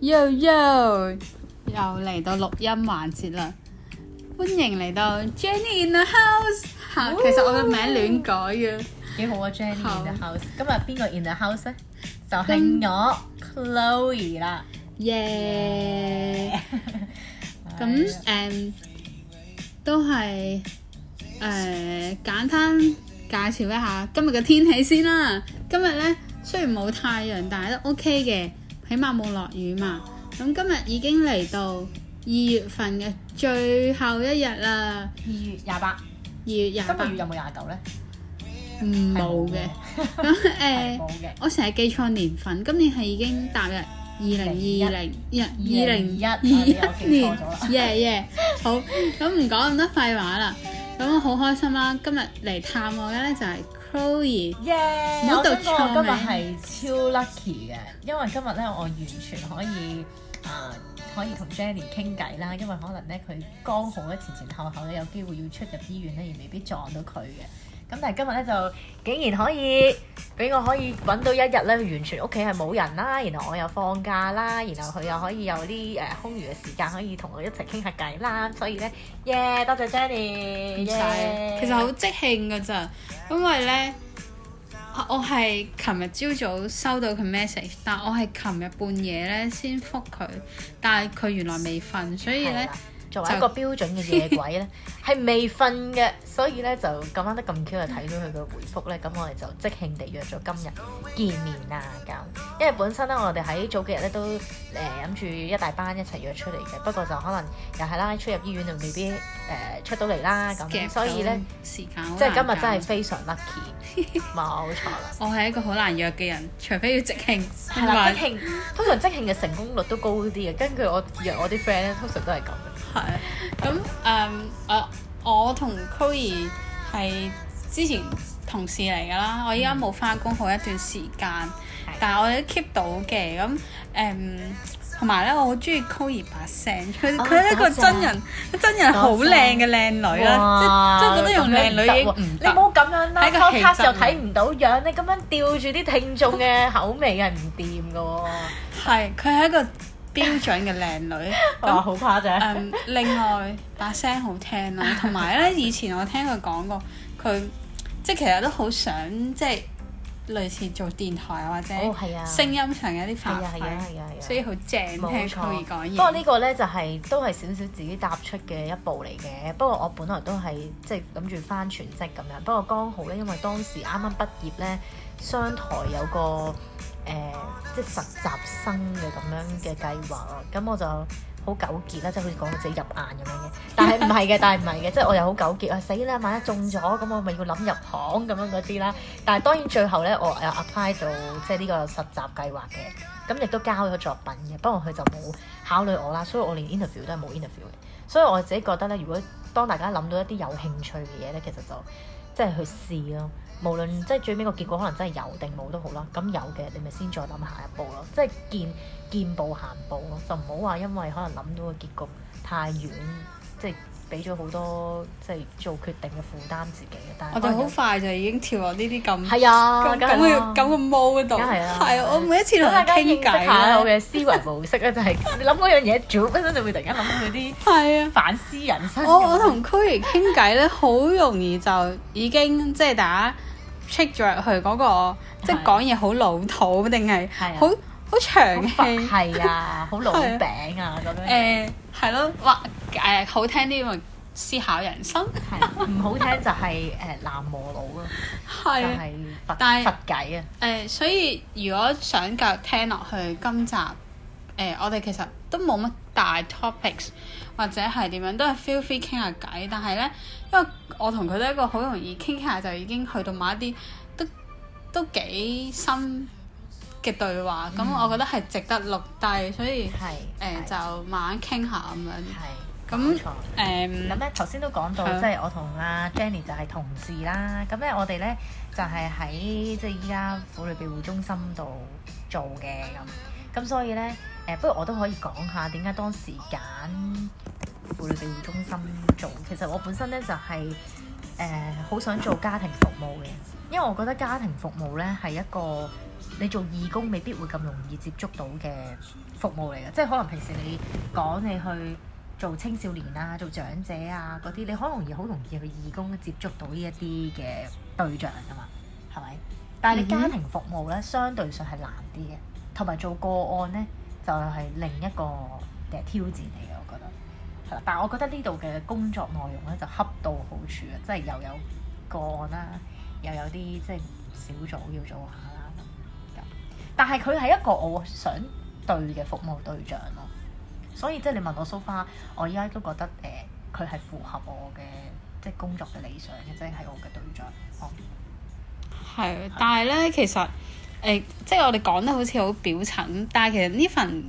Yo, yo. 又又又嚟到錄音環節啦！歡迎嚟到 in、哦哦、Jenny in the house，吓，其實我嘅名亂改嘅，幾好啊！Jenny in the house，今日邊個 in the house 咧？就係我 Chloe 啦，耶、嗯！咁誒、yeah. yeah. 嗯，嗯、都係誒、呃，簡單介紹一下今日嘅天氣先啦。今日咧雖然冇太陽，但係都 OK 嘅。起碼冇落雨嘛，咁今日已經嚟到二月份嘅最後一日啦。二月廿八，二月廿八。 嗯、今個月有冇廿九咧？唔冇嘅。咁誒，我成日記錯年份，今年係已經踏入二零二零一，二零一二,零一,二零一年。耶耶、啊， yeah, yeah. 好，咁唔講咁多廢話啦，咁好開心啦、啊，今日嚟探我嘅咧就係、是。耶！Yeah，今日係超 lucky 嘅，因為今日咧我完全可以啊、呃、可以同 Jenny 傾偈啦，因為可能咧佢剛好咧前前後後咧有機會要出入醫院咧，而未必撞到佢嘅。咁但係今日咧就竟然可以俾我可以揾到一日咧，完全屋企係冇人啦。然後我又放假啦，然後佢又可以有啲誒空餘嘅時間可以同我一齊傾下偈啦。所以咧，耶！多謝 Jenny，唔該，yeah。其實好即興噶咋，因為咧，我係琴日朝早收到佢 message，但我係琴日半夜咧先復佢，但係佢原來未瞓，所以咧。作為一個標準嘅夜鬼咧，係 未瞓嘅，所以咧就咁啱得咁巧，就睇到佢嘅回覆咧，咁 我哋就即興地約咗今日見面啊咁。因為本身咧，我哋喺早幾日咧都誒諗住一大班一齊約出嚟嘅，不過就可能又係啦，出入醫院就未必。誒出樣夾到嚟啦咁，所以咧時間即係今日真係非常 lucky，冇 錯啦。 我係一個好難約嘅人，除非要即興。係啦，即興通常即興嘅成功率都高啲嘅，根據我約我啲 friend 咧，通常都係咁。係的。咁誒的，um, uh, 我我同 Koey 係之前同事嚟㗎啦， 我依家冇翻工好一段時間，的但係我哋 keep 到嘅咁誒。同埋咧，我好中意 Koir 把聲，佢佢係一個真人，啊、真人好靚嘅靚女啦哇，即即覺得用靚女已經唔得。你唔好咁樣啦，喺個 cast 又睇唔到樣，你咁樣吊住啲聽眾嘅口味係唔掂嘅喎。係， 佢係一個標準嘅靚女，咁 樣 好誇張。嗯、 另外把 聲好聽啦、啊，同埋咧，以前我聽佢講過，佢即係其實都好想即係。類似做電台啊，或者、oh, 啊，聲音上有啲反應，啊啊啊啊啊、所以好正聽佢講嘢。不過呢個咧就係、是、都係少少自己踏出嘅一步嚟嘅。不過我本來都係即係諗住返全職咁樣，不過剛好咧，因為當時啱啱畢業咧，商台有個誒、呃、即係實習生嘅咁樣嘅計劃啊，咁我就。好糾結啦，即係好似講到自己入眼咁樣嘅，但係唔係嘅，但係唔係嘅，即係 我又好糾結啊！死啦，萬一中咗，咁我咪要諗入行咁樣嗰啲啦。但係當然最後咧，我又 apply 到即係呢個實習計劃嘅，咁亦都交咗作品嘅，不過佢就冇考慮我啦，所以我連 interview 都係冇 interview 嘅。所以我自己覺得咧，如果當大家諗到一啲有興趣嘅嘢咧，其實就即係去試咯。無論即係最尾個結果可能真係有定冇都好啦，咁有嘅你咪先再諗下一步咯，即係見見步行步咯，就唔好話因為可能諗到個結局太遠，即係。俾咗好多即係做決定嘅負擔自己，但係我哋好快就已經跳落呢啲咁，咁咁嘅咁嘅 model 度。係啊，我每一次同大家傾偈，我嘅思維模式咧就係，你諗嗰樣嘢，做，本身就會突然間諗到啲反思人生。我我同 Kerry 傾偈咧，好容易就已經即係大家 check 咗入去嗰個，即係講嘢好老土定係好好長氣，係啊，好老餅啊咁樣。誒，係咯，哇！誒、啊、好聽啲用思考人生，唔 好聽就係誒南無佬咯，就係佛偈啊！誒，所以如果想繼續聽落去今集，誒、呃、我哋其實都冇乜大 topics，或者係點樣都係 feel free 傾下偈。但係咧，因為我同佢都一個好容易傾傾下就已經去到某一啲都都幾深嘅對話，咁我覺得係值得錄低，所以誒就慢慢傾下咁樣。咁誒咁咧，頭先都講到，好即係我同阿 Jenny 就係同事啦。咁咧，我哋咧就係、是、喺即係依家婦女庇護中心度做嘅咁。咁所以咧誒，不如我都可以講下點解當時揀婦女庇護中心做。其實我本身咧就係誒好想做家庭服務嘅，因為我覺得家庭服務咧係一個你做義工未必會咁容易接觸到嘅服務嚟嘅，即係可能平時你講你去。做青少年啊，做長者啊，嗰啲你好容易，好容易去義工接觸到呢一啲嘅對象噶嘛，係咪？但係你家庭服務咧，嗯、相對上係難啲嘅，同埋做個案咧就係、是、另一個嘅挑戰嚟嘅，我覺得。係啦，但係我覺得呢度嘅工作內容咧就恰到好處啊，即、就、係、是、又有個案啦、啊，又有啲即係小組要做下啦、啊、咁。但係佢係一個我想對嘅服務對象咯、啊。所以即係你問我 so far，我依家都覺得誒佢係符合我嘅即係工作嘅理想嘅，即係係我嘅對象。哦、oh. 係，但係咧，其實誒、呃、即係我哋講得好似好表層，但係其實呢份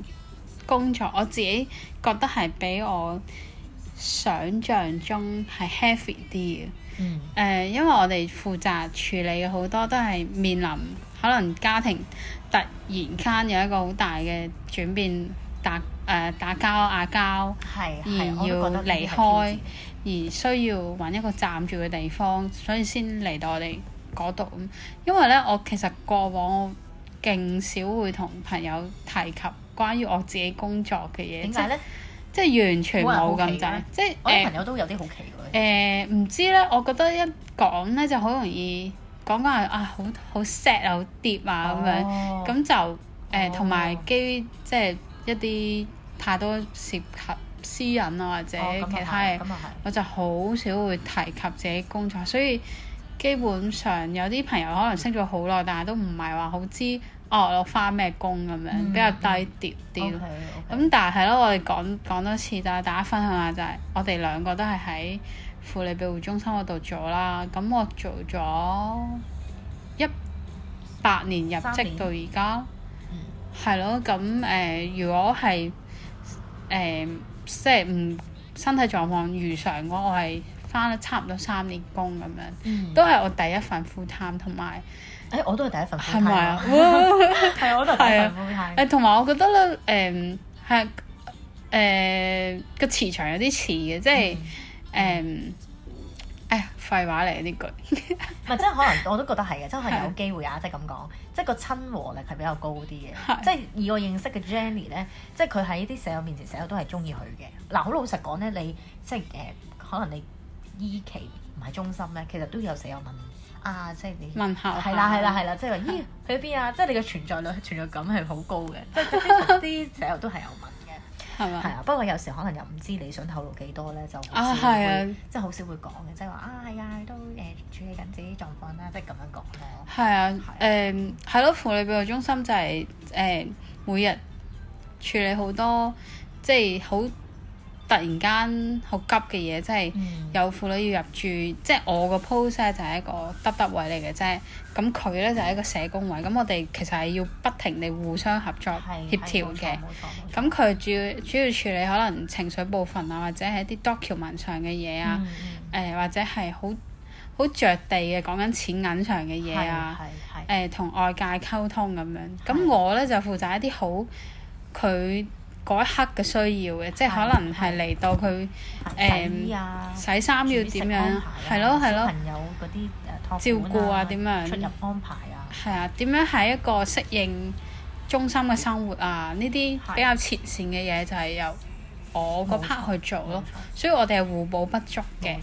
工作我自己覺得係比我想象中係 heavy 啲嘅。嗯。誒、呃、因為我哋負責處理嘅好多都係面臨可能家庭突然間有一個好大嘅轉變。大。誒，打交嗌交而是是要離開，而需要揾一個站住嘅地方，所以先嚟到我哋嗰度。因為咧，我其實過往我勁少會同朋友提及關於我自己工作嘅嘢。點解咧？即係完全冇咁滯，即係我朋友都有啲好奇怪。誒唔、呃呃、知咧，我覺得一講咧就好容易講講下啊，好好 sad 啊，好跌啊咁樣，咁、哦、就誒同埋基於即係一啲。太多涉及私隱啊，或者其他嘢，我就好少會提及自己工作，所以基本上有啲朋友可能識咗好耐，但係都唔係話好知哦我返咩工咁樣，比較低調啲咯。咁、嗯 okay, okay. 但係係咯，我哋講講多次，但係大家分享下就係我哋兩個都係喺婦女庇護中心嗰度做啦。咁我做咗一八年入職到而家，係咯年。咁誒、嗯呃，如果係。誒、嗯，即係唔身體狀況如常，我係翻咗差唔多三年工咁樣，嗯、都係我第一份 full time，同埋，誒、欸、我都係第一份 full time，係咪？啊，係我都係第一份 full time，同埋我覺得咧，誒係誒個磁場有啲似嘅，即係誒。嗯嗯哎呀，廢話嚟呢句，唔係真係可能我都覺得係嘅，真係有機會啊！即係咁講，即係個親和力係比較高啲嘅。即係 以我認識嘅 Jenny 咧，即係佢喺啲舍友面前，舍友都係中意佢嘅。嗱、啊，好老實講咧，你即係誒、呃，可能你依期唔係中心咧，其實都有舍友問啊，即係你問下，係啦係啦係啦，即係話咦去咗邊啊？即係 你嘅存在率存在感係好高嘅，即係啲舍友都係有。係啊， 不過有時可能又唔知你想透露幾多咧，就啊係啊，啊即係好少會講嘅，即係話啊係啊，都誒、呃、處理緊自己狀況啦，即係咁樣講咯。係啊，誒係咯，婦女服務中心就係、是、誒、呃、每日處理好多，即係好。突然間好急嘅嘢，即、就、係、是、有婦女要入住，嗯、即係我個 post 呢就係一個得得位嚟嘅啫。咁佢呢就，是、就一個社工位，咁、嗯、我哋其實係要不停地互相合作是協調嘅。咁佢主要主要處理可能情緒部分啊，或者係啲 document 上嘅嘢啊，誒、嗯呃、或者係好好著地嘅講緊錢銀上嘅嘢啊，誒同、呃、外界溝通咁樣。咁是我呢，就負，負責一啲好佢。嗰一刻嘅需要嘅，即係可能係嚟到佢誒的、呃、洗衫、啊、要點樣，係咯係咯，啊、照顧啊點樣，出入安排啊，係啊，點樣係一個適應中心嘅生活啊？呢啲比較前線嘅嘢就係由我個 part 去做咯，所以我哋係互補不足嘅。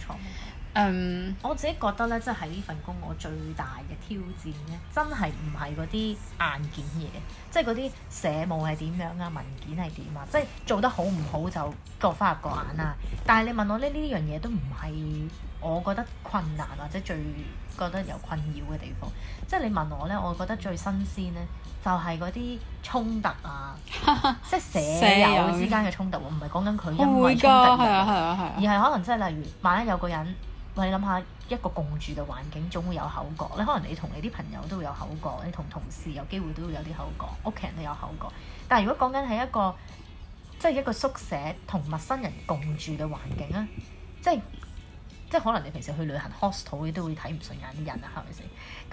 嗯，um, 我自己覺得咧，即係呢份工，我最大嘅挑戰咧，真係唔係嗰啲硬件嘢，即係嗰啲社務係點樣啊，文件係點啊，即係做得好唔好就各花入各眼啊。但係你問我呢，呢樣嘢都唔係我覺得困難或者最覺得有困擾嘅地方。即係你問我咧，我覺得最新鮮咧，就係嗰啲衝突啊， 即係社友之間嘅衝突喎，唔係講緊佢因為衝突的而係可能即係例如萬一有個人。餵！你諗下一個共住嘅環境總會有口角，你可能你同你啲朋友都會有口角，你同同事有機會都會有啲口角，屋企人都有口角。但係如果講緊係一個即係一個宿舍同陌生人共住嘅環境啊，即係即係可能你平時去旅行 hostel 你都會睇唔順眼啲人呀，係咪先？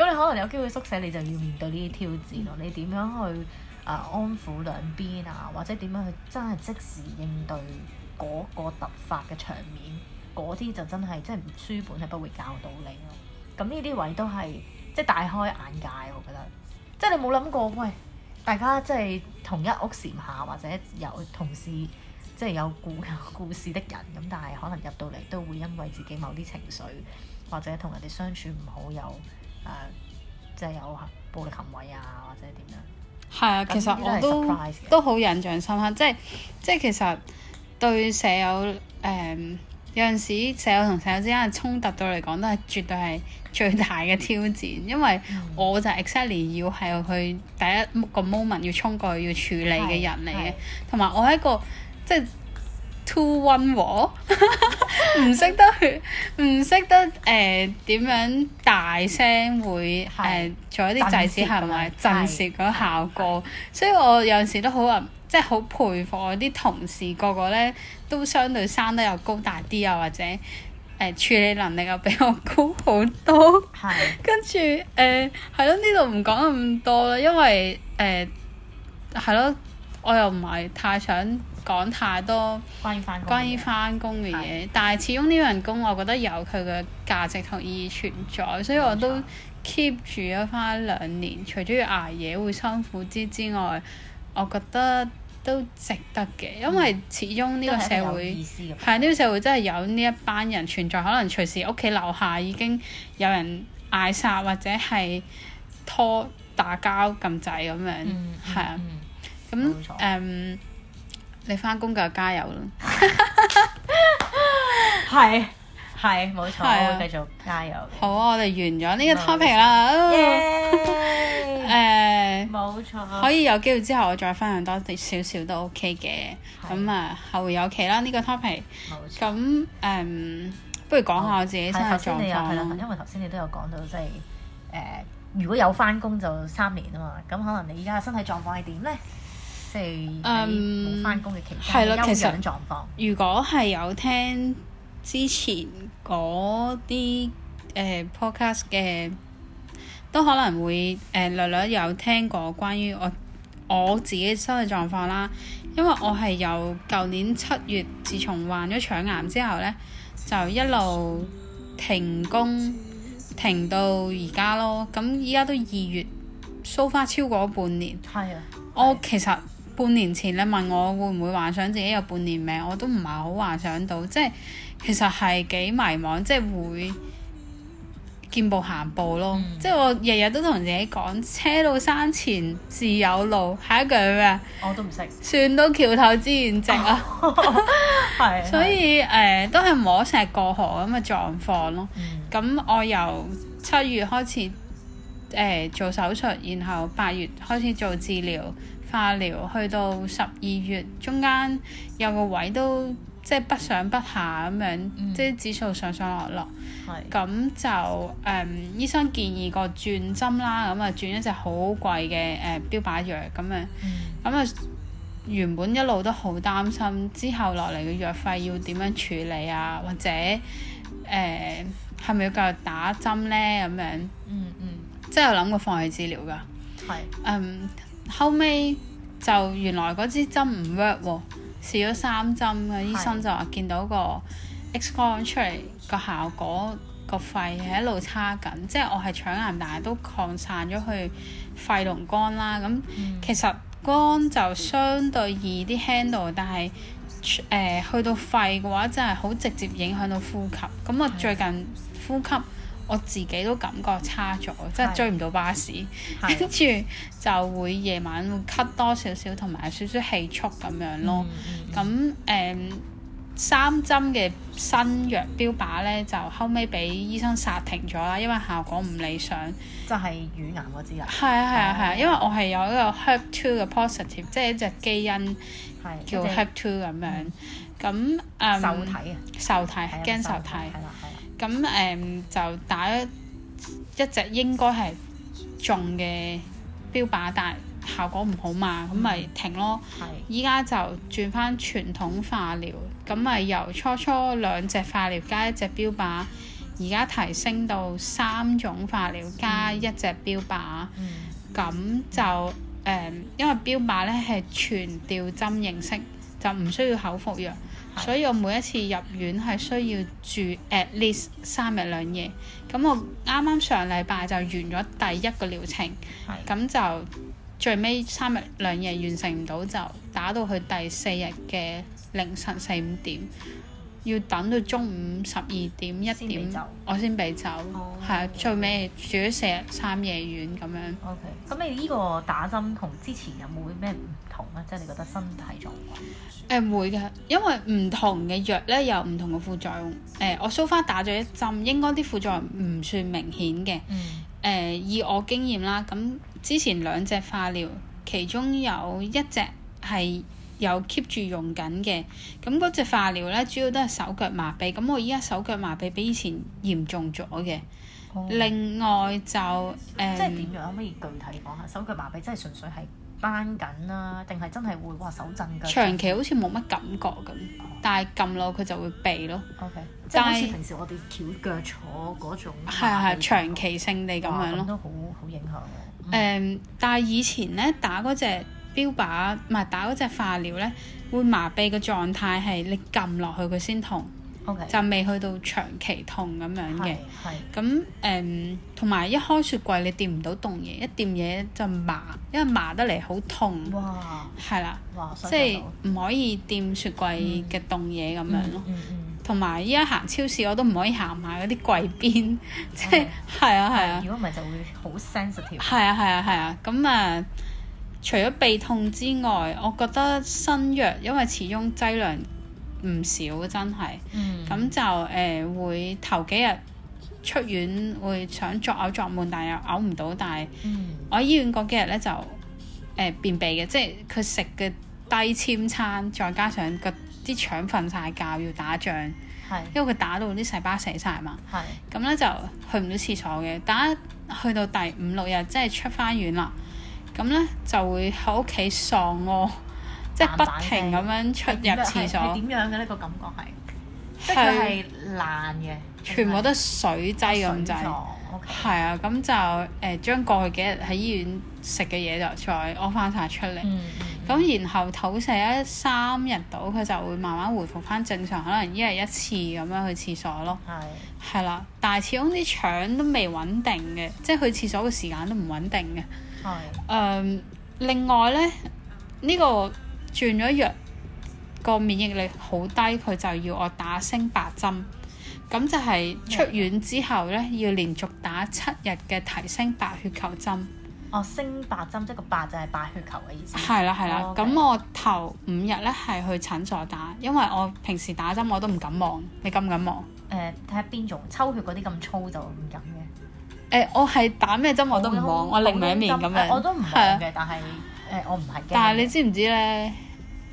咁你可能有機會宿舍你就要面對呢啲挑戰咯。你點樣去啊、呃、安撫兩邊啊？或者點樣去真係即時應對嗰個突發嘅場面？嗰啲就真係即係書本係不會教到你咯。咁呢啲位都係即係大開眼界，我覺得即係你冇諗過。喂，大家即係同一屋檐下，或者有同事即係有故有故事的人咁，但係可能入到嚟都會因為自己某啲情緒或者同人哋相處唔好，有誒、呃、即係有暴力行為啊，或者點樣係啊。但 其實我都都好印象深刻，即係即係其實對舍友誒。嗯有陣時，舍友同舍友之間嘅衝突對嚟講，都係絕對係最大嘅挑戰。嗯、因為我就係 exactly 要係去第一個 moment 要衝過去要處理嘅人嚟嘅，同埋我係一個即係、就是、too 溫和，唔識得去，唔識得誒點樣大聲會誒對、呃、做一啲制止行為，震懾嗰個效果。所以我有陣時都好啊～即係好佩服我啲同事，個個呢都相對生得又高大啲，啊，或者誒、呃、處理能力又比我高好多。係的。跟住誒係咯，呢度唔講咁多啦，因為誒係咯，我又唔係太想講太多關於返關於返工嘅嘢。的但係始終呢份工，我覺得有佢嘅價值同意義存在，所以我都 keep 住咗返兩年。錯除咗要捱夜會辛苦啲之外，我覺得。都值得嘅，因為始終呢個社會係呢個社會真係有呢一班人存在，可能隨時屋企樓下已經有人嗌殺或者係拖打交咁滯咁樣，係啊，咁誒，你翻工嘅加油啦！係係冇錯，的我會繼續加油嘅，好啊，我哋完咗呢個 topic 啦。冇錯，可以有機會之後我再分享多啲少少都 OK 嘅。咁啊的，後會有期啦。呢個 topic，咁誒，不如講下我自己頭先、哦、你有係啦，因為頭先你都有講到即係誒，如果有翻工就三年啊嘛。咁可能你而家嘅身體狀況係點咧？即係冇翻工嘅期間，休養、嗯、的狀況。如果係有聽之前嗰啲誒 podcast 嘅。呃都可能會誒略略有聽過關於我我自己身體狀況啦，因為我係由舊年七月，自從患咗腸癌之後呢，就一路停工，停到而家咯。咁依家都二月，so far，超過半年。係啊。我其實半年前你問我會唔會幻想自己有半年命，我都唔係好幻想到，即係其實係幾迷茫，即係會。見步行步咯，嗯、即係我日日都同自己講，車到山前自有路，下一句咩我都唔識。船到橋頭自然直啊，係 是。所以誒是、呃，都係摸石過河咁嘅狀況咯。咁、嗯、我由七月開始誒、呃、做手術，然後八月開始做治療、化療，去到十二月中間有個位都即係不上不下咁樣，嗯、即係指數上上落落。咁就誒、嗯，醫生建議個轉針啦，咁啊轉一隻好貴嘅誒、呃、標靶藥咁啊，咁啊、嗯、原本一路都好擔心之後落嚟嘅藥費要點樣處理啊，嗯、或者誒係咪要繼續打針咧咁樣？嗯嗯，真係有諗過放棄治療㗎。係是。嗯，後尾就原來嗰支針唔 work 喎，試咗三針嘅醫生就話是見到個 X 光出嚟。個效果個肺係一路差緊，嗯、即係我係腸癌，但係都擴散咗去肺同肝啦。咁其實肝就相對易啲 handle，嗯、但係誒、呃、去到肺嘅話，真係好直接影響到呼吸。咁啊，最近呼吸我自己都感覺差咗，嗯、即係追唔到巴士，跟住、嗯、就會夜晚會咳多少少，同埋有少少氣促咁樣咯。咁誒、嗯。嗯三針嘅新藥標靶咧，就後尾俾醫生殺停咗啦，因為效果唔理想。就係乳癌嗰支啊。係啊係啊係，因為我係有一個 herb two 嘅 positive，即係一隻基因叫 herb two 咁樣。咁誒受體啊？受體係驚受體。係啦，係咁誒就打一隻應該係中嘅標靶，但係效果唔好嘛，咁咪停咯。係。依家就轉翻傳統化療。咁咪、嗯、由初初兩隻化療加一隻標靶，而家提升到三種化療加一隻標靶。咁、嗯、就誒、呃，因為標靶咧係全吊針形式，就唔需要口服藥，的所以我每一次入院係需要住 at least 三日兩夜。咁我啱啱上禮拜就完咗第一個療程，咁的就最尾三日兩夜完成唔到就打到去第四日嘅。凌晨四五點，要等到中午十二點、嗯、一點，先我先俾走，係、oh, okay. 最尾住咗四日三夜院咁樣。OK，咁你呢個打針同之前有冇咩唔同咧？即、就、係、是、你覺得身體狀況？誒、呃、會嘅，因為唔同嘅藥咧有唔同嘅副作用。誒、呃，我蘇、so、far 打咗一針，應該啲副作用唔算明顯嘅。誒、mm. 呃，以我經驗啦，咁之前兩隻化療，其中有一隻係。有 keep 住用緊嘅，咁嗰隻化療咧主要都係手腳麻痹，咁、嗯、我依家手腳麻痹比以前嚴重咗嘅。哦、另外就誒，嗯嗯、即係點樣可以具體講下？手腳麻痹真係純粹係彎緊啦，定係真係會話手震嘅？長期好似冇乜感覺咁，哦、但係撳落佢就會痹咯。O okay . K，但即係好似平時我哋翹腳坐嗰種。係係，長期性地咁樣咯。樣都好好影響我。嗯嗯、但係以前咧打嗰隻。標靶唔係打嗰隻化療咧，會麻痹嘅狀態係你撳落去佢先痛，就未去到長期痛咁樣嘅。係。咁誒，同埋一開雪櫃你掂唔到凍嘢，一掂嘢就麻，因為麻得嚟好痛。哇！係啦。即係唔可以掂雪櫃嘅凍嘢咁樣咯。同埋依家行超市我都唔可以行埋嗰啲櫃邊，即係係啊係啊。如果唔係就會好 sensitive。係啊係啊係啊！咁啊～除咗鼻痛之外，我覺得新藥因為始終劑量唔少，真係，咁、嗯、就誒、呃、會頭幾日出院會想作嘔作悶，但又嘔唔到。但係我喺醫院嗰幾日咧就誒、呃、便秘嘅，即係佢食嘅低纖餐，再加上個啲腸瞓晒覺要打仗，是因為佢打到啲細胞死晒嘛。咁咧是就去唔到廁所嘅。但係去到第五六日即係出翻院啦。咁咧就會喺屋企喪屙，即 係不停咁樣出入廁所。點樣嘅呢個感覺係？是即係是爛嘅，全部都水劑咁滯，係 Okay. 啊。咁就誒、呃、將過去幾日喺醫院食嘅嘢就再屙翻晒出嚟。咁、嗯、然後肚瀉一三日到，佢就會慢慢回復翻正常，可能一日一次咁樣去廁所咯。係係啦，但係始終啲腸都未穩定嘅，即、就、係、是、去廁所嘅時間都唔穩定嘅。誒、嗯、另外咧，呢、呢個轉咗藥，個免疫力好低，佢就要我打升白針。咁就係出院之後咧，要連續打七日嘅提升白血球針。哦，升白針即係個白就係白血球嘅意思。係啦係啦，咁、oh, 我頭五日咧係去診所打，因為我平時打針我都唔敢望，你敢唔敢望？誒睇下邊種抽血嗰啲咁粗就唔敢嘅。誒，我係打咩針我都唔望，我另外一面咁樣。我都唔望，但係誒，我唔係。但係你知唔知咧？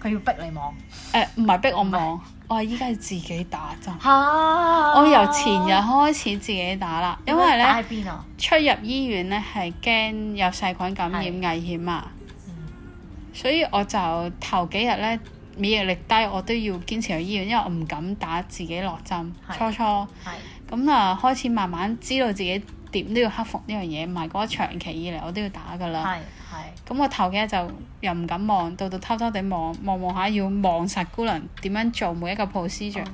佢要逼你望。誒，唔係逼我望，我係依家自己打針。我由前日開始自己打啦，因為咧，出入醫院咧係驚有細菌感染危險啊。所以我就頭幾日咧免疫力低，我都要堅持去醫院，因為我唔敢打自己落針。初初。係。咁啊，開始慢慢知道自己。點都要克服呢樣嘢，唔係嗰個長期以嚟我都要打㗎啦。係，係。咁我頭幾日就又唔敢望，到到偷偷地望望望下，要望實姑娘點樣做每一個 procedure。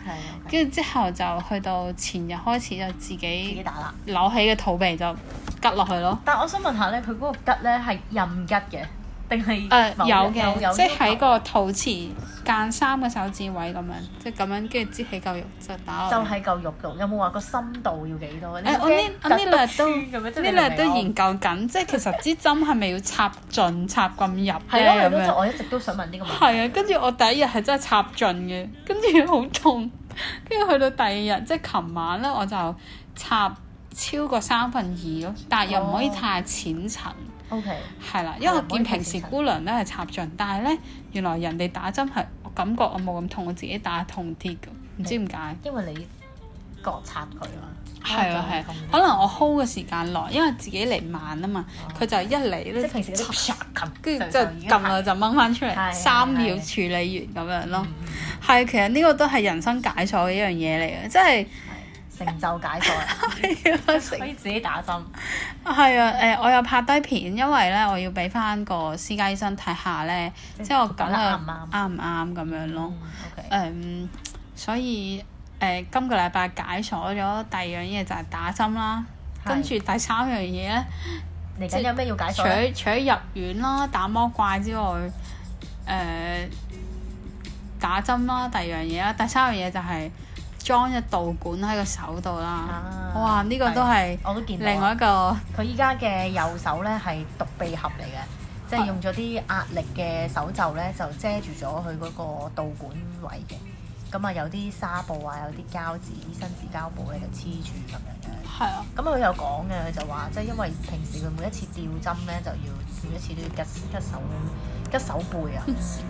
跟住 Okay, okay. 之後就去到前日開始就自己自己打啦，扭起個肚皮就吉落去咯。但係我想問下咧，佢嗰個吉咧係任吉嘅。定係誒有嘅，即係喺個肚臍間三個手指位咁樣，即係咁樣跟住支起嚿肉就打就喺嚿肉度，有冇話個深度要幾多？呢呢兩都呢都研究緊，即係其實支針係咪要插進插咁入咧？咁樣。其實我一直都想問呢個問題。係啊，跟住我第一日係真係插進嘅，跟住好痛，跟住去到第二日，即係琴晚咧，我就插超過三分二咯，但係又唔可以太淺層。O K，係啦，因為我見平時姑娘咧係插進，但係咧原來人哋打針係，我感覺我冇咁痛，我自己打痛啲噶，唔知點解？因為你覺察佢嘛，係啊係，可能我 hold 嘅時間耐，因為自己嚟慢啊嘛，佢就一嚟咧插插跟住即係撳啊就掹翻出嚟，三秒處理完咁樣咯。係，其實呢個都係人生解鎖嘅一樣嘢嚟嘅，即係。成就解鎖啦， 可以自己打針。係 啊，誒、呃，我又拍低片，因為咧，我要俾返個私家醫生睇下咧，欸、即係我講得啱唔啱，啱咁樣咯。Okay. 嗯，所以誒、呃，今個禮拜解鎖咗第二樣嘢就係打針啦，的跟住第三樣嘢咧，你有咩要解鎖除除咗入院啦、打魔怪之外，誒、呃，打針啦，第二樣嘢啦，第三樣嘢就係、是。裝隻導管喺個手度啦，啊、哇！呢、這個都係，我都見到。另外一個，佢依家嘅右手咧係獨臂俠嚟嘅，的即係用咗啲壓力嘅手袖咧就遮住咗佢嗰個導管位嘅。咁啊有啲紗布啊，有啲膠紙、生紙膠布咧就黐住咁樣嘅。係啊的。咁佢有講嘅，佢就話即係因為平時佢每一次吊針咧就要每一次都要拮拮手、拮手背啊，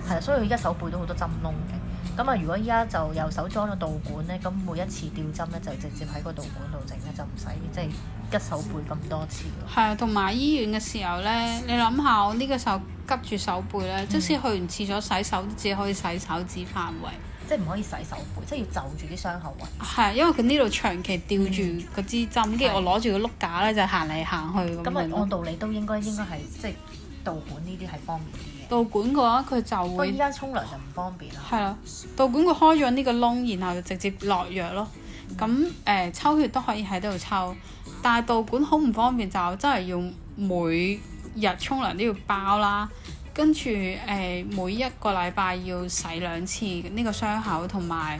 係啊， 所以佢依家手背都好多針窿嘅。咁啊，如果依家就右手裝咗導管咧，咁每一次吊針咧就直接喺個導管度整咧，就唔使即係拮手背咁多次。係啊，同埋醫院嘅時候咧，你諗下我呢個手拮住手背咧，嗯、即使去完廁所洗手，都只可以洗手指範圍，嗯，即係唔可以洗手背，即係要就住啲傷口位。係，因為佢呢度長期吊住嗰支針，跟住、嗯、我攞住個碌架咧就行嚟行去咁樣。咁按、嗯、道理都應該應該係即係導管呢啲係方便。導管嘅話，佢就會依家沖涼就唔方便啊。係啊，導管佢開咗呢個窿，然後就直接落藥咯。咁誒抽血都可以喺度抽，但係導管好唔方便，就真係用每日沖涼都要包啦，跟住誒、呃、每一個禮拜要洗兩次呢個傷口，同埋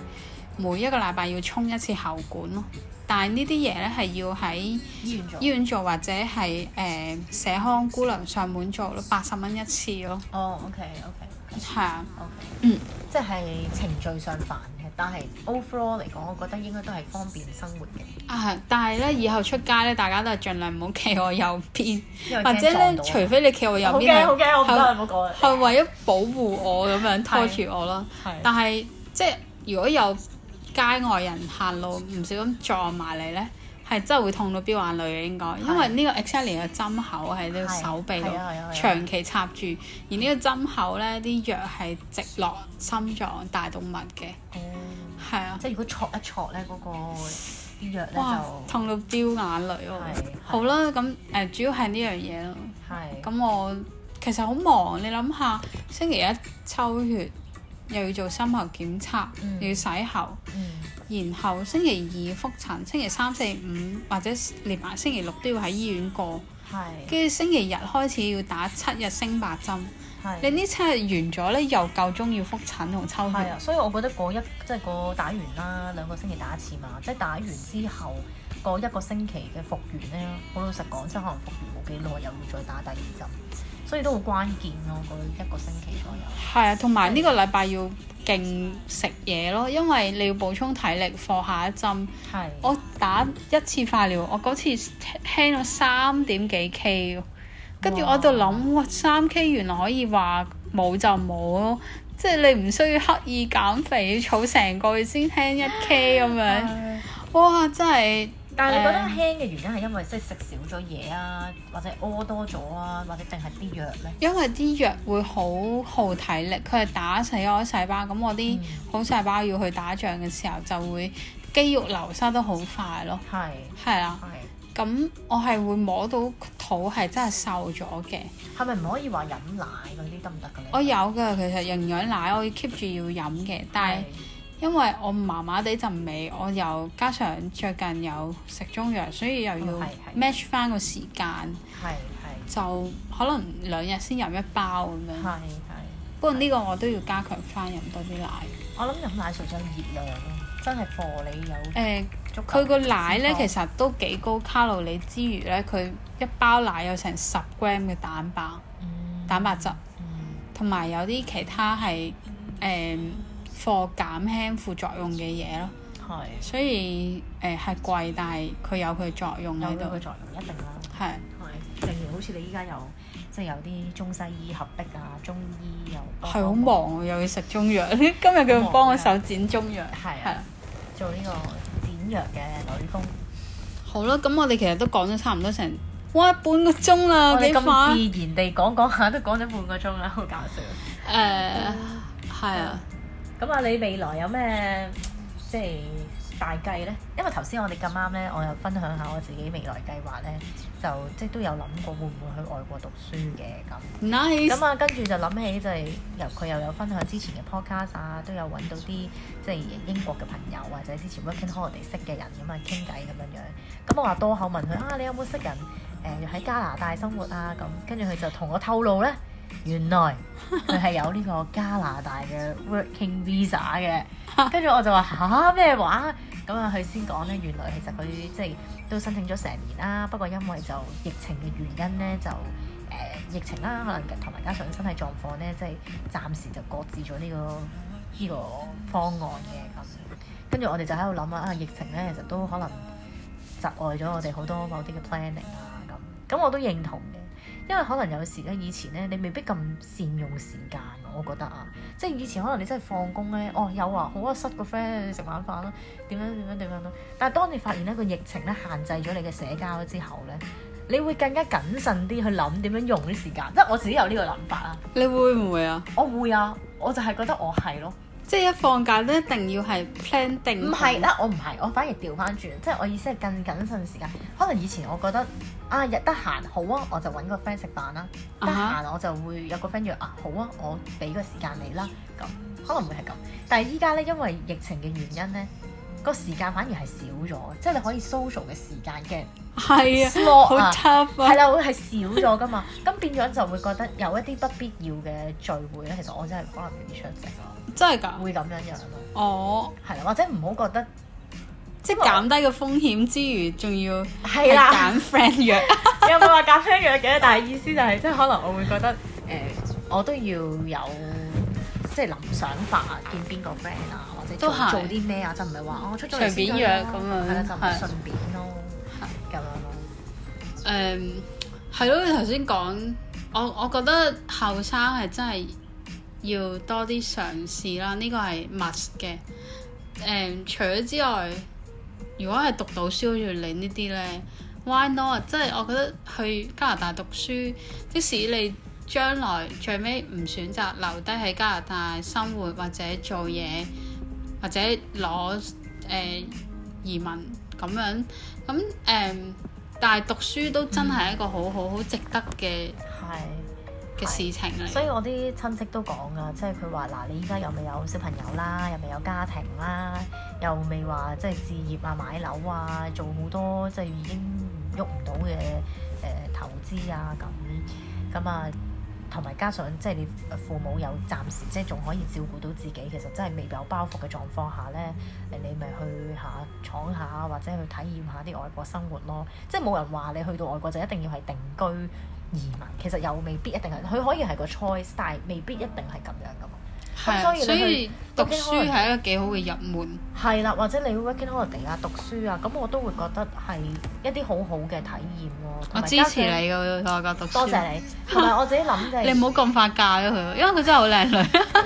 每一個禮拜要沖一次喉管咯。但係呢啲嘢咧，係要喺醫院做，醫院做或者係誒、呃、社康姑娘上門做咯，八十蚊一次咯。哦、oh，OK，OK、okay, okay, okay. 是。係啊。OK。嗯，即係程序上煩嘅，但係 overall 嚟講，我覺得應該都係方便生活嘅。啊，但係咧，以後出街咧，大家都係盡量唔好企我右邊，或者咧，除非你企我右邊係。好嘅，好嘅，我唔講啦，唔好講啦。係為咗保護我咁樣拖住我咯。 但係即係如果有。街外人行路唔少咁撞埋嚟咧，係真係會痛到飆眼淚嘅，應該，是因為呢個 Excel 嘅針口喺呢個手臂度，長期插住，啊啊啊、而個針呢個針口咧，啲藥係直落心臟大動脈嘅，係、嗯、啊，即係如果戳一戳咧，嗰、那個啲藥咧就痛到飆眼淚，啊啊、好啦，咁誒、呃、主要係呢樣嘢咯，係、啊，咁我其實好忙，你諗下星期一抽血。又要做心喉檢查，嗯、又要洗喉，嗯、然後星期二復診，星期三四五或者連埋星期六都要喺醫院過。係是。跟住星期日開始要打七日升白針。係是。你呢七日完咗呢，又夠鐘要復診同抽血。所以我覺得嗰一即係個打完啦，兩個星期打一次嘛，即、就、係、是、打完之後，過一個星期嘅復原呢，好老實講真，可能復原冇幾耐，又要再打第二針。所以都好關鍵咯、哦，嗰、那個、一個星期左右。係啊，同埋呢個禮拜要勁食嘢咯，因為你要補充體力，放下一針。係、啊。我打一次化療，我嗰次輕咗三點幾 K，跟住我就諗，哇，三 K 原來可以話冇就冇咯，即係你唔需要刻意減肥，要儲成個月先輕一 K 咁樣、 啊。係。哇！真係～但係你覺得輕嘅原因係因為即係食少咗嘢啊，或者屙多咗啊，或者定係啲藥咧？因為啲藥會好耗體力，佢係打死我啲細胞，咁我啲好細胞要去打仗嘅時候就會肌肉流失得好快咯。係係啊，係啦。咁係我係會摸到肚係真係瘦咗嘅。係咪唔可以話飲奶嗰啲得唔得㗎？我有㗎，其實營養奶我要 keep 住要飲嘅，但係。因為我麻麻地陣味，我又加上最近有食中藥，所以又要 match 翻個時間，係係係係，就可能兩日先飲一包咁樣。係係。不過呢個我都要加強翻，飲多啲奶。我諗飲奶除咗熱量，真係貨你有誒。佢個、呃、奶咧其實都幾高卡路里之餘咧，佢一包奶有成十 gram 嘅蛋白，嗯、蛋白質，同埋、嗯、有啲其他係誒。嗯貨減輕副作用嘅嘢咯，係，Yes. 所以誒係、欸、貴，但係佢有佢作用喺度。有佢作用一定啦。係是，例如好似你依家又即係有啲、就是、中西醫合璧啊，中醫又係好忙又要食中藥。 今日天佢他 幫我手剪中藥，係啊，做呢個剪藥嘅女工。好啦，咁我哋其實都講咗差唔多成哇半個鐘啦，你咁自然地講講下，都講咗半個鐘啦，好搞笑。誒，係啊。咁啊，你未來有咩即係大計呢？因為頭先我哋咁啱呢，我又分享下我自己未來計劃呢，就即係都有諗過會唔會去外國讀書嘅咁。Nice. 咁啊，跟住 Nice.、嗯、就諗起就係、是、由佢又有分享之前嘅 podcast 啊，都有揾到啲即係英國嘅朋友或者之前 working holiday 識嘅人咁啊傾偈咁樣樣。咁、嗯、我話多口問佢啊，你有冇識人？誒、呃、喺加拿大生活啊？咁跟住佢就同我透露呢。原來佢係有呢個加拿大嘅 working visa 嘅，跟住 我就話嚇咩話？咁啊，佢先講呢。原來其實佢即係都申請咗成年啦、啊，不過因為就疫情嘅原因呢，就誒、呃、疫情啦、啊，可能同埋加上身體狀況呢，即係暫時就擱置咗呢、這個呢、這個方案嘅咁。跟住我哋就喺度諗啊，疫情呢，其實都可能窒礙咗我哋好多某啲嘅 planning 啊咁。咁我都認同嘅。因為可能有時咧，以前咧，你未必咁善用時間，我覺得啊，即係以前可能你真係放工咧，哦有啊，好啊，識個 friend 食晚飯咯，點樣點樣點樣咯。但係當你發現呢個疫情咧限制咗你嘅社交之後咧，你會更加謹慎啲去諗點樣用啲時間，即係我自己有呢個諗法啊。你會唔會啊？我會啊，我就係覺得我係咯。即係一放假都一定要係 plan 定。唔係啦，我唔係，我反而調翻轉，即係我意思係更謹慎時間。可能以前我覺得啊日得閒好啊，我就揾個 friend 食飯啦。得閒、uh huh. 我就會有個 friend 約啊，好啊，我俾個時間你啦。咁可能會係咁，但係依家呢，因為疫情嘅原因呢，個時間反而係少咗，即係你可以 social 嘅時間嘅係啊，好差分，係啦、啊，會係、啊、少咗噶嘛。咁 變咗就會覺得有一啲不必要嘅聚會咧，其實我真係可能唔會出嚟。真係噶，會咁樣樣咯。哦，係啦，或者唔好覺得，即係減低個風險之餘，仲要係啦。揀 friend 約，你有冇話揀 friend 約嘅？但係意思就係，即係可能我會覺得，誒，我都要有即係諗想法，見邊個 friend 啊，或者做做啲咩啊，就唔係話我出咗嚟隨便約咁樣，係啦，就順便咯，係咁樣咯。誒，係咯，你頭先講，我我覺得後生係真係。要多啲嘗試啦，呢、這個係 must 嘅。誒、嗯，除咗之外，如果係讀到書，好似你呢啲呢 why not？即係我覺得去加拿大讀書，即使你將來最尾唔選擇留低喺加拿大生活或者做嘢，或者攞誒、呃、移民咁樣，咁、嗯、誒，但係讀書都真係一個好好好值得嘅。係。嘅事情，所以我啲親戚都講㗎，即係佢話嗱，你依家又未有小朋友啦，又未有家庭啦，又未話即係置業啊、買樓啊，做好多即係已經喐唔到嘅誒投資啊咁，咁啊同埋加上即係你父母有暫時即係仲可以照顧到自己，其實真係未有包袱嘅狀況下呢，你咪去下闖下，或者去體驗下啲外國生活咯，即係冇人話你去到外國就一定要係定居。移民其實又未必一定係，佢可以係個 choice，但係未必一定係咁樣噶嘛。係啊的，所以你讀書係一個幾好嘅入門。係啦、嗯，或者你 working holiday 啊、讀書啊，咁我都會覺得係一啲好好嘅體驗喎、啊。我支持你個外國讀書。多謝你，同埋我自己諗嘅、就是？ 你唔好咁快嫁咗佢，因為佢真係好靚女，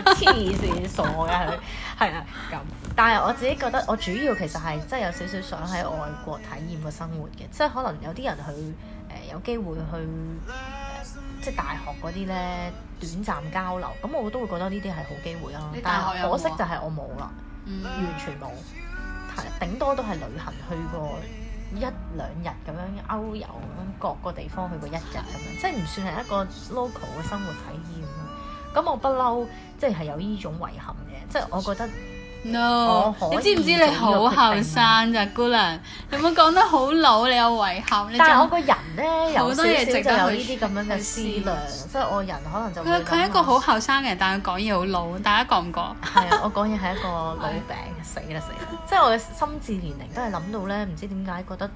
黐線傻嘅佢，係啊咁。但係我自己覺得，我主要其實係真係有少少想喺外國體驗個生活嘅，即、就、係、是、可能有啲人去。誒、呃、有機會去，呃、即係大學嗰啲咧短暫交流，咁我都會覺得呢啲係好機會啦、啊。有有但可惜就係我冇啦，嗯、完全冇，頂多都係旅行去過一兩日咁樣歐遊咁，各個地方去過一日，咁樣，即係唔算係一個 local 嘅生活體驗。咁我不嬲，即係有呢種遺憾嘅，即係我覺得。no，你知唔知你好後生咋姑娘？有冇講得好老？你有遺憾？但係我個人咧，好多嘢，值得有呢啲咁樣嘅思量，即係我人可能就佢佢係一個好後生嘅人，但係佢講嘢好老。大家講唔講？係啊，我講嘢係一個老餅，死啦死！即係我嘅心智年齡都係諗到咧，唔知點解覺得。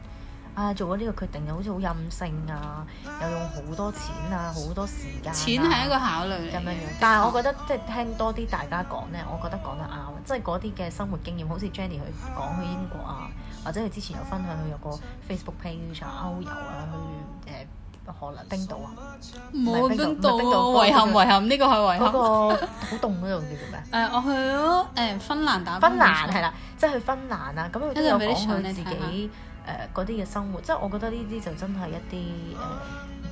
啊，做咗呢個決定又好似好任性啊，又用好多錢啊，好多時間。錢係一個考慮咁樣樣，但係我覺得即係聽多啲大家講咧，我覺得講得啱，即係嗰啲嘅生活經驗，好似 Jenny 去講去英國啊，或者佢之前有分享佢有個 Facebook page 啊歐遊啊，去誒荷蘭冰島啊，冇冰島啊，遺憾遺憾，呢個係遺憾。嗰個好凍嗰度叫做咩？誒，我去誒芬蘭打。芬蘭係啦，即係去芬蘭啊，咁佢都有講佢自己。誒嗰啲嘅生活，即係我覺得呢啲就真係一啲誒、呃、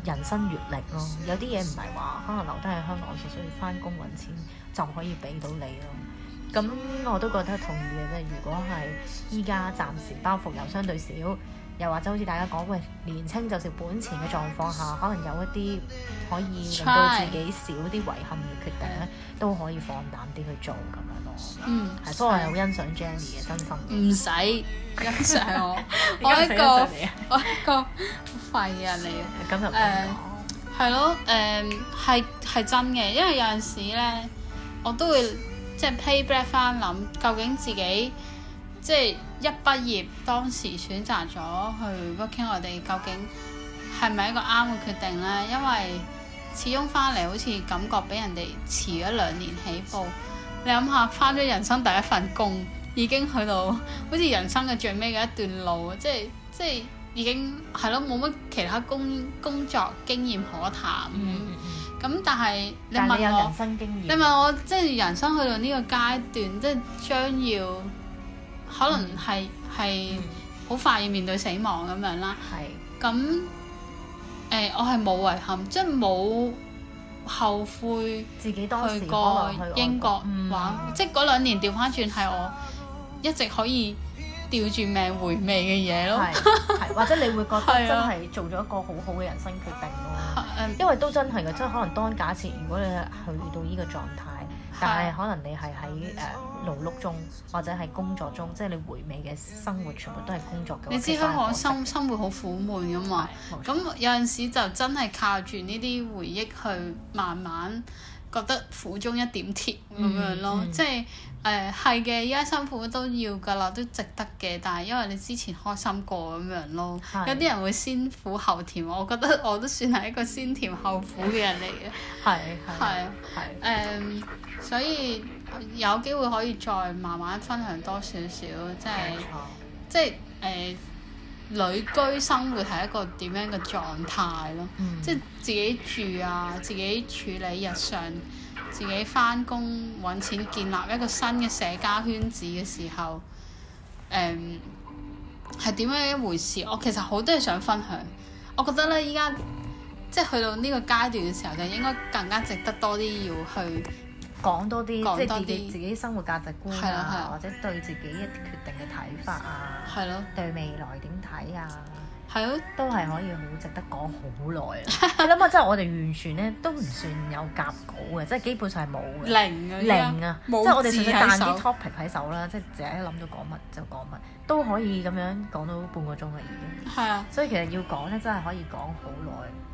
人生閱歷咯。有啲嘢唔係話可能留低喺香港純粹翻工揾錢就可以俾到你咯。咁我都覺得同意嘅啫。如果係依家暫時包袱又相對少，又或者好似大家講，喂年輕就是本錢嘅狀況下，可能有一啲可以令到自己少啲遺憾嘅決定咧，都可以放膽啲去做咁樣咯。嗯，係，所以我係好欣賞 Jenny 嘅真心。唔使欣賞我， 賞我一個我一個廢啊你。咁又點講？係、uh，咯，誒係係真嘅，因為有陣時咧，我都會即係 pay back 翻諗，就是、究竟自己即係、就是、一畢業當時選擇咗去 working holiday，究竟係咪一個啱嘅決定咧？因為始終翻嚟好似感覺俾人哋遲咗兩年起步。你諗下，返咗人生第一份工，已經去到好似人生嘅最尾嘅一段路，即係即係已經係咯，冇乜其他工工作經驗可談，嗯。嗯、咁、嗯、但係你問我，你，人生經驗你問我即係人生去到呢個階段，即係將要可能係係好快要面對死亡咁樣啦。係的。咁誒、欸，我係冇遺憾，即係冇。後悔自己當時去過英國玩，嗯、即係嗰兩年調翻轉係我一直可以吊住命回味嘅嘢咯，係 或者你會覺得真係做咗一個好好嘅人生決定咯，啊嗯、因為都真係嘅，即係可能當假設如果你去到呢個狀態。但係可能你係喺誒勞碌中，或者係工作中，即係你回味嘅生活全部都係工作嘅。你知香港生生活好苦悶㗎嘛？咁有陣時就真係靠住呢啲回憶去慢慢。覺得苦中一點甜咁、嗯、樣咯，嗯、即係誒係嘅，依、呃、家辛苦都要㗎啦，都值得嘅。但係因為你之前開心過咁樣咯，係有啲人會先苦後甜，我覺得我都算係一個先甜後苦嘅人嚟嘅。係係係誒，所以有機會可以再慢慢分享多少少，即係即係誒。係。旅居生活係一個點樣嘅狀態咯，嗯、即係自己住啊，自己處理日常，自己翻工揾錢，建立一個新嘅社交圈子嘅時候，誒、嗯，係點樣一回事？我其實好多嘢想分享，我覺得咧依家即係去到呢個階段嘅時候，就應該更加值得多啲要去。講多啲，即係自己自己生活價值觀啊，是的是的或者對自己一啲決定嘅睇法啊，係咯的，對未來點睇啊，係咯的，都係可以好值得講好耐啊！你諗下真係我哋完全咧都唔算有夾稿嘅，即係基本上係冇嘅，零咁零啊，即係我哋凈係彈啲 topic 喺手啦， 即係凈係一諗到講乜就講乜，都可以咁樣講到半個鐘嘅已經，係啊的，所以其實要講咧真係可以講好耐。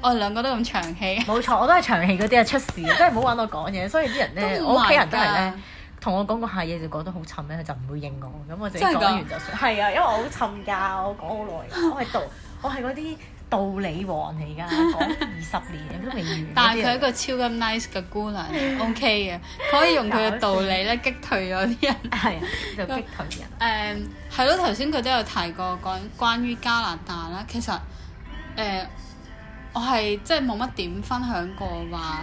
我哋兩個都咁長氣，冇錯，我都係長氣嗰啲啊！出事，真係唔好搵我講嘢，所以啲人咧，我屋企人都係咧，同我講個下嘢就講得好沉咧，佢就唔會應我，咁我哋講完就算。係啊，因為我好沉噶，我講好耐，我係道，我係嗰啲道理王嚟㗎，講二十年都但係佢係一個超級 nice 嘅姑娘，OK 嘅，可以用佢嘅道理咧擊退咗啲人，係就擊退啲人。誒，係咯，頭先佢都有提過講關於加拿大啦，其實誒。我係即係冇乜點分享過話，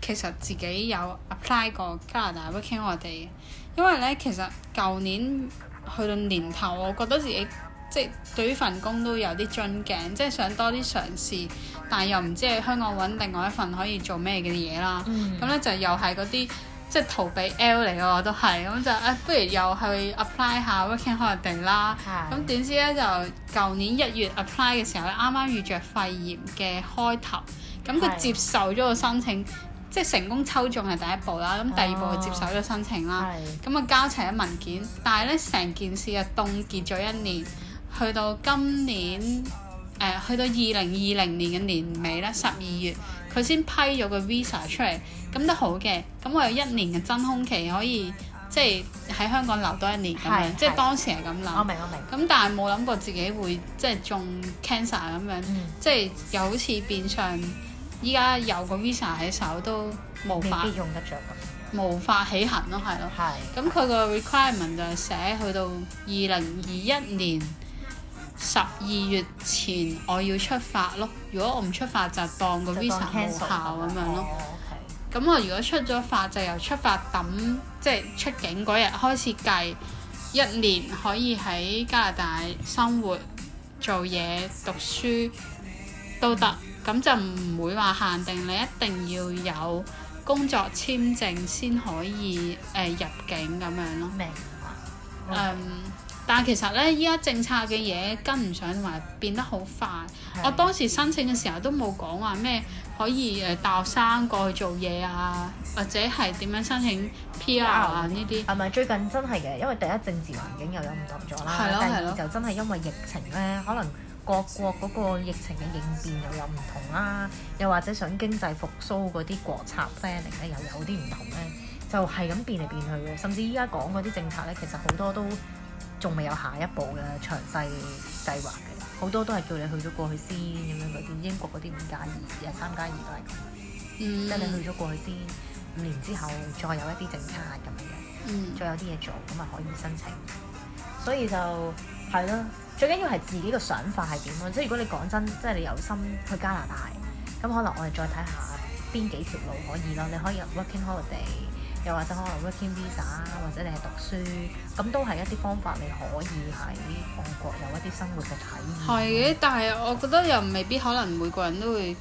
其實自己有 apply 過加拿大 working holiday。因為咧，其實舊年去到年頭，我覺得自己即係對於份工都有啲樽頸，即係想多啲嘗試，但係又唔知喺香港揾另外一份可以做咩嘅嘢啦。咁咧、mm hmm. 就又係嗰啲。即係逃避 L 嚟㗎，我都係咁就誒，不如又去 apply 下 working holiday 啦是。咁點知咧就舊年一月 apply 嘅時候咧，啱啱遇着肺炎嘅開頭，咁佢接受咗個申請，是即係成功抽中係第一步啦。咁第二步佢接受咗申請啦。咁啊、哦、交齊咗文件，是但係咧成件事啊凍結咗一年，去到今年誒、呃、去到二零二零年嘅年尾啦，十二月。佢先批咗個 visa 出嚟，咁都好嘅。咁我有一年嘅真空期，可以即係喺香港留多一年咁樣。是即係當時係咁諗。我明我明。咁但係冇諗過自己會即係中 cancer 咁樣，嗯、即係又好似變相依家有個 visa 喺手都無法用得著。無法起行咯，係咯的。係。咁佢個 requirement 就係寫去到二零二一年。十二月前我要出發咯，如果我唔出發就當個 visa 無效咁樣咯。咁、哦 okay。我如果出咗發就由出發抌，即係出境嗰日開始計，一年可以喺加拿大生活、做嘢、讀書都得，咁就唔會話限定你一定要有工作簽證先可以誒、呃、入境咁樣咯。明白，嗯、okay。Um, 但係其實咧，依家政策嘅嘢跟唔上，話變得好快。的我當時申請嘅時候都冇講話咩可以誒，大學生過去做嘢啊，或者係點樣申請 PR 啊。呢啲？係咪最近真係嘅？因為第一政治環境又有唔同咗啦，的第二的就真係因為疫情咧，可能各國嗰個疫情嘅應變又有唔同啦，又或者想經濟復甦嗰啲國策 setting 咧 又有啲唔同咧，就係咁變嚟變去嘅。甚至依家講嗰啲政策咧，其實好多都～仲未有下一步嘅詳細計劃嘅，好多都係叫你去咗過去先咁樣啲，英國嗰啲五加二、三加二都係咁，即係你去咗過去先，五、嗯、年之後再有一啲政策咁樣，再、嗯、有啲嘢做咁啊可以申請。所以就係咯，最緊要係自己嘅想法係點咯。即係如果你講真，即係你有心去加拿大，咁可能我哋再睇下邊幾條路可以咯。你可以 working holiday。又或者可能 working visa 或者你係讀書，咁都係一啲方法，你可以喺外國有一啲生活嘅體驗。係嘅、嗯，但係我覺得又未必可能每個人都會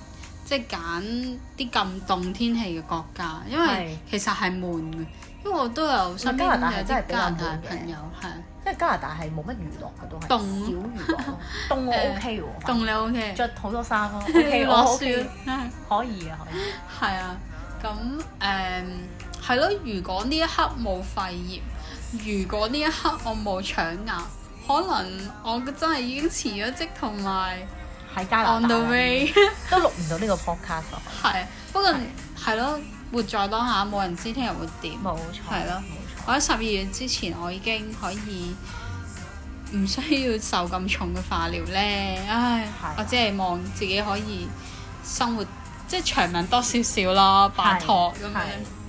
即係揀啲咁凍天氣嘅國家，因為其實係悶嘅。因為我都有，有加拿大真係加拿大朋友係，因為加拿大係冇乜娛樂嘅都係。凍小娛樂，凍動 OK 喎，凍你 OK。着好多衫咯，啊，OK 我 落雪 可以啊可以。係啊， 咁誒。Um, 係咯，如果呢一刻冇肺炎，如果呢一刻我冇腸癌，可能我真係已經辭咗職，同埋喺加拿大 on the way 都錄唔到呢個 podcast。係， 不過係咯對，活在當下，冇人知聽日會點？冇錯，係咯啦，錯我喺十二月之前，我已經可以唔需要受咁重嘅化療咧。唉，對我只係望自己可以生活即係長命多少少咯，拜託咁樣。對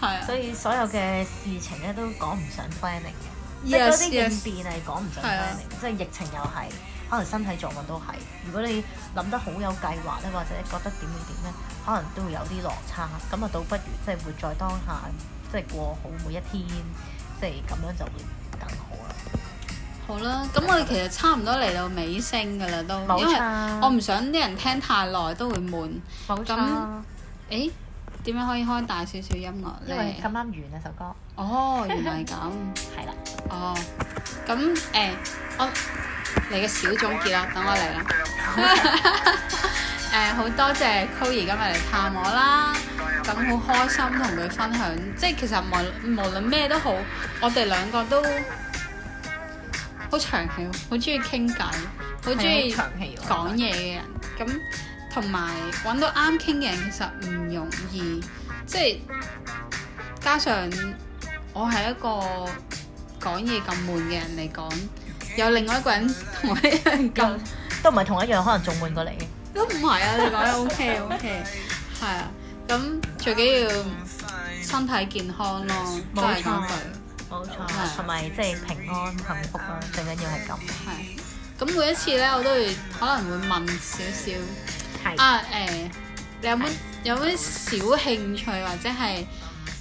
係，啊、所以所有嘅事情咧都講唔上 planning 嘅，即係啲應變係講唔上 planning，即係、啊、疫情又係，可能身體狀況都係。如果你諗得好有計劃咧，或者覺得點點點咧，可能都會有啲落差。咁啊，倒不如即係、就是、活在當下，即、就、係、是、過好每一天，即係咁樣就會更好啦。好啦，咁我哋其實差唔多嚟到尾聲噶啦，都冇錯，我唔想啲人聽太耐都會悶。咁冇錯，誒。欸點樣可以開大少少音樂咧？因為咁啱完啊首歌。 哦，原來係咁。係啦。哦，咁誒、呃，我你嘅小總結啦，等我嚟啦。誒、 呃，好多謝 Cozy 今日嚟探我啦，咁好開心同佢分享。即係其實無論無論咩都好，我哋兩個都好長氣，好中意傾偈，好中意講嘢嘅人。咁。同埋揾到啱傾嘅人其實唔容易，即係加上我係一個講嘢咁悶嘅人嚟講，Okay. 有另外一個人同我一樣咁，都唔係同一樣，可能仲悶過你。都唔係啊，你講都 OK，OK，係啊。咁最緊要身體健康咯，冇錯，同埋即係平安幸福啦、啊，最緊要係咁。係、啊。咁每一次咧，我都會可能會問少少。是啊，誒、呃，你有冇有冇小興趣或者係誒、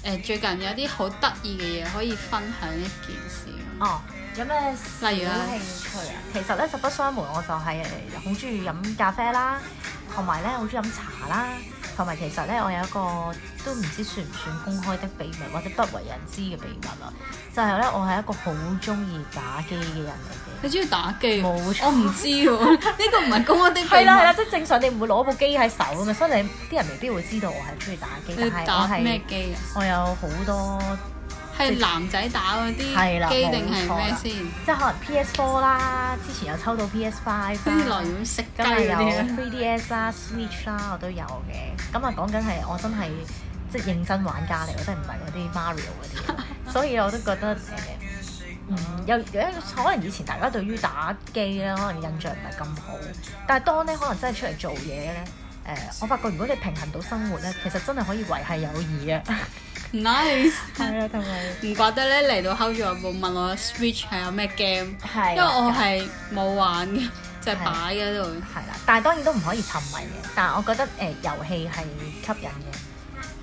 呃、最近有啲好得意嘅嘢可以分享一件事？哦，有咩小興趣啊？例如啊。其實咧實不相瞞，我就係好鍾意飲咖啡啦，同埋咧好鍾意飲茶啦。同埋其實咧，我有一個都唔知算唔算公開的秘密或者不為人知嘅秘密啦，就係咧，我係一個好中意打機嘅人嚟嘅。你中意打機？冇沒錯我。 我唔知喎，呢個唔係公開的秘密。係啦係啦，即係 正常你唔會攞部機喺手㗎嘛，所以你啲人未必會知道我係中意打機。但係我係。你打咩機啊？我有好多。係即男仔打嗰啲的機定係咩先？錯即係可能 PS Four 啦，之前有抽到 PS Five。跟住來源識咁啊有 3DS 啦、 Switch 啦，我都有嘅。咁啊講緊係我真係即係認真玩家嚟，我真係唔係嗰啲 Mario 嗰啲。 所以我都覺得誒，嗯，有可能以前大家對於打機咧，可能印象唔係咁好。但係當咧，可能真係出嚟做嘢咧，誒、呃，我發覺如果你平衡到生活咧，其實真係可以維係友誼啊！ Nice 係啊， 同埋唔怪得咧嚟到 hold 住我部問我 switch 係有咩 game，的因為我係冇玩嘅，就係的擺喺度。係啦，但係當然都唔可以沉迷嘅。但係我覺得誒、呃、遊戲係吸引嘅。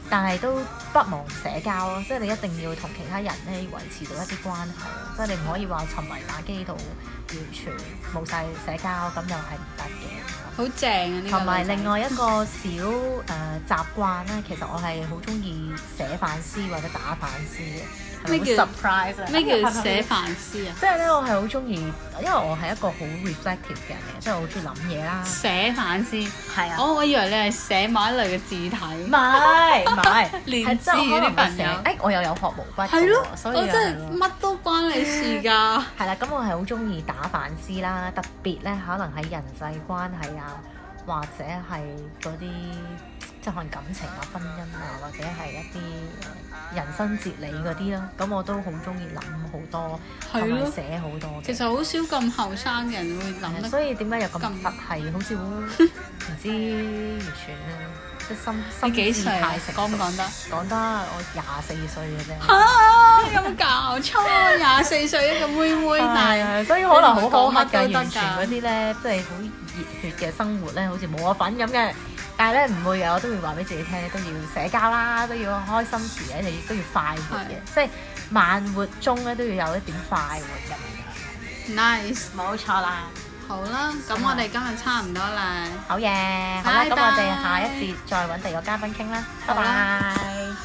但係都不忘社交咯，即係你一定要同其他人咧維持到一啲關係咯，即係你唔可以話沉迷打機到完全冇晒社交咁又係唔得嘅。好正啊！呢同埋另外一個小誒、呃、習慣咧， 其實我係好中意寫反思或者打反思嘅。咩叫 surprise 啊？咩叫寫反思啊？即係咧，我係好中意，因為我係一個好 reflective 嘅人，即係好中意諗嘢啦。寫反思係啊，我、oh, 我以為你係寫某一類嘅字體，唔 唔係，係真啲朋友、哎、我又有，有學毛筆。係咯，我真係乜都關你事㗎。 係啦，咁我係好中意打反思啦，特別咧，可能係人際關係啊，或者係嗰啲即係可能感情啊、婚姻啊，或者係一啲人生哲理嗰啲咯。咁我都好中意諗好多，諗寫好多。其實好少咁後生嘅人會諗 所以點解又咁佛系？好似唔 知完全咧。即係心，你幾歲？講唔講得，講得我， 我廿四歲嘅啫。吓，咁搞錯廿四歲一個妹妹，係啊 是，所以可能好講乜嘅，完全嗰啲咧，即係好熱血嘅生活咧，好似冇我份咁嘅。但係咧唔會嘅，我都會話俾自己聽，都要社交啦，都要開心時咧，你都要快活嘅，即係的慢活中咧都要有一點快活嘅。Nice，冇錯啦。好啦，咁我哋今日差唔多啦。好嘢，好啦，咁我哋下一節再揾第二個嘉賓傾啦，拜拜。